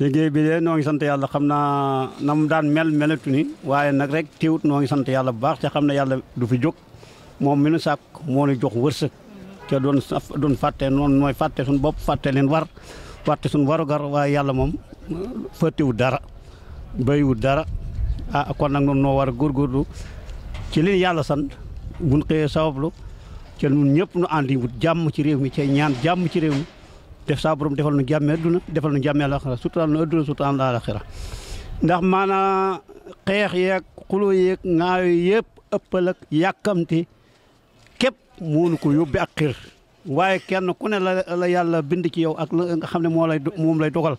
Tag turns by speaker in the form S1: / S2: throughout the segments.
S1: liggéey bi de noo ngi yàlla xam naa na mu daan mel melatu waaye nag rek teewut noo ngi sant yàlla bu baax te xam na yàlla du fi jóg moom mi nu sàkk moo nu jox wërsëg te doon doon fàtte noonu mooy fàtte suñu bopp fàtte leen war fàtte suñu warugar waaye yàlla moom fàttewut dara béyiwut dara ah kon nag noonu noo war a góorgóorlu ci li yàlla san gun xëyee sabablu te ñun ñëpp nu àndi jàmm ci réew mi te ñaan jàmm ci réew mi def saa borom defal nu jàmme adduna defal nu jàmme alaxira sutural nu adduna sutural nu alaxira ndax maanaam xeex yeeg xuloo yeeg ŋaayo yëpp ëppal ak yàkkamti képp moonu ko yóbbi ak xir waaye kenn ku ne la la yàlla bind ci yow ak la nga xam ne moo lay moom lay dogal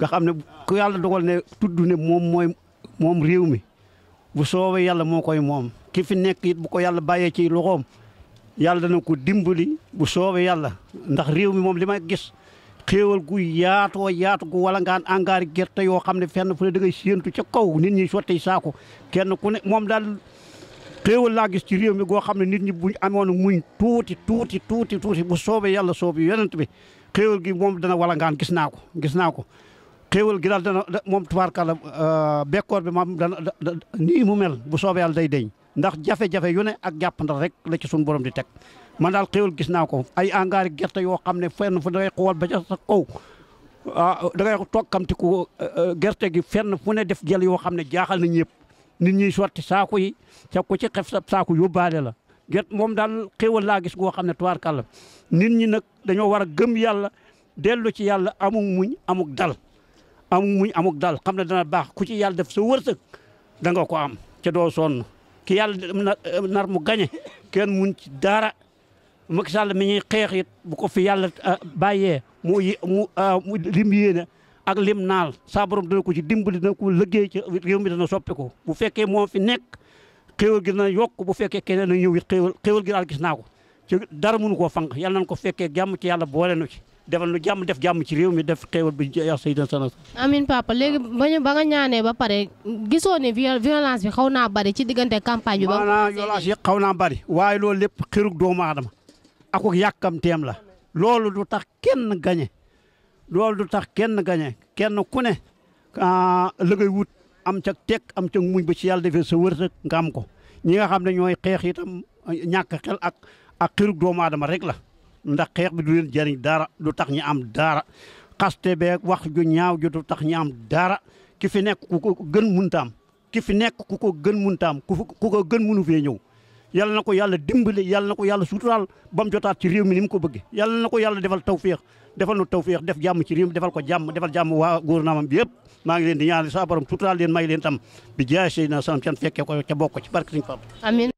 S1: nga xam ne ku yàlla dogal ne tudd ne moom mooy moom réew mi bu soobee yàlla moo koy moom ki fi nekk it bu ko yàlla bàyyee ci loxoom yàlla dana ko dimbali bu soobee yàlla ndax réew mi moom li ma gis xéewal gu yaatoo yaatu gu wala ngaan angaari gerte yoo xam ne fenn fu ne da ngay séentu ca kaw nit ñi sotti saako kenn ku ne moom daal xéewal laa gis ci réew mi goo xam ne nit ñi buñ amoon muñ tuuti tuuti tuuti tuuti bu soobee yàlla soobi yonent bi xéewal gi moom dana wala ngaan gis naa ko gis naa ko xéewal gi daal dana moom tubaarkàlla euh, bekkoor bi moom dana nii mu mel bu soobee yàlla day deñ ndax jafe-jafe yu ne ak jàpp ndax rek la ci suñu borom di teg man daal xéwal gis naa ko ay angaari gerte yoo xam ne fenn fu dangay xool ba ca sa kaw ah dangay toog eh, eh, gerte gi fenn fu ne def jël yoo xam ne jaaxal na ñëpp nit ñi sotti saako yi ca ko ci xef sa saako yóbbaale la. get moom daal xéwal laa gis goo xam ne tubaarkàlla nit ñi nag dañoo war a gëm yàlla dellu ci yàlla amug muñ amug dal amug muñ amug dal xam ne dana baax ku ci yàlla def sa wërsëg da nga ko am ca doo sonn. ki yàlla nar mu gañe kenn mun ci dara Macky Sall mi ñuy xeex it bu ko fi yàlla ah, bàyyee mu ah, mu lim yéene ak lim naal saa borom dana ko ci dimbali dina ko liggéey ci réew mi dana soppi ko bu fekkee moo fi nekk xéewal gi dana yokk bu fekkee keneen na ñëw it xéewal xéewal gi daal gis naa ko dara mënu koo fànq yàlla nañ ko fekkee jàmm ci yàlla boole nu ci defal nu jàmm def jàmm ci réew mi def xéewal bi yaa sayyidina sana amin papa léegi ba ñu ba nga ñaanee ba pare gisoo ne violence bi xaw naa bari ci diggante campagne bi ba maanaam violence yi xaw naa bari waaye loolu lépp xirug doomu aadama akuk yàkkamteem la loolu du tax kenn gañe loolu du tax kenn gañe kenn ku ne ah, la wut am ca teg am ca muñ ba ci yàlla defee sa wërsëg nga am ko ñi nga xam ne ñooy xeex itam ñàkk xel ak ak xirug doomu aadama rek la ndax xeex bi du leen jëriñ dara du tax ñu am dara xaste beeg wax ju ñaaw ju du tax ñaam daara dara ki fi nekk ku ko gën mun am ki fi nekk ku ko gën mënta am ku ko gën mënu fee ñëw. yàlla na ko yàlla dimbali yàlla na ko yàlla suturaal ba mu jotaat ci réew mi ni mu ko bëggee yàlla na ko yàlla defal tawféex defal nu tawféex def jàmm ci réew defal ko jàmm defal jàmm waa gouvernement am yëpp maa ngi leen di ñaanal saa borom suturaal leen may leen tam bi jaay sey na sam can fekkee ko bokk ci barke Sëñ